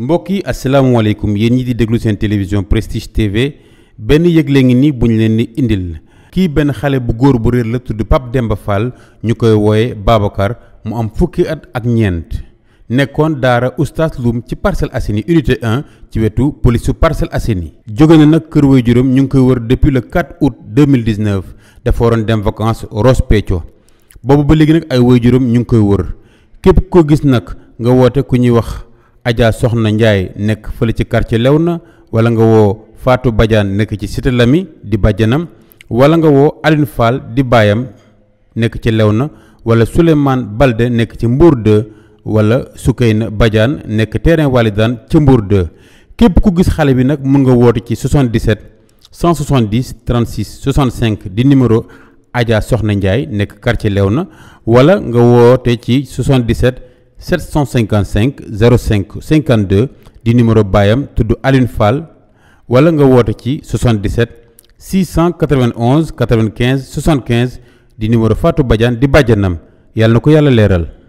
mbokk yi asalaamaaleykum yéen ñi di déglu seen télévision prestige tv benn yëgle ngi ni bu ñu leen di indil kii benn xale bu góor bu réer la tudd Pape Demba Fall ñu koy wooye Babacar mu am fukki at ak ñeent nekkoon daara Oustaz Loum ci parcelle Assainies unité 1 ci wetu polisu parcelle Assainies jóge na nag kër way juróom ñu ngi koy wër depuis le 4 août 2019 dafa waroon dem vacances Ross Béthio boobu ba léegi nag ay way juróom ñu ngi koy wër képp ko gis nag nga woote ku ñuy wax Adja Soxna Ndiaye nekk fële ci lew na wala nga woo faatu Badiane nekk ci cité Lamy di bàjjanam wala nga woo Aline Fall di baayam nekk ci lew na wala Souleymane Balde nekk ci Mbour 2 wala na Badiane nekk terrain Walidane ca Mbour 2 képp ku gis xale bi nag mun nga woote ci 77 170 36 65 di numéro Adja Soxna Ndiaye nekk quartier na wala nga woote ci 77. 755 05 52 di numéro baayam tudd Alioune Fall wala nga woote ci 77 691 95 75 di numéro Fatou Badiane di bàjjanam yàlla na ko yàlla leeral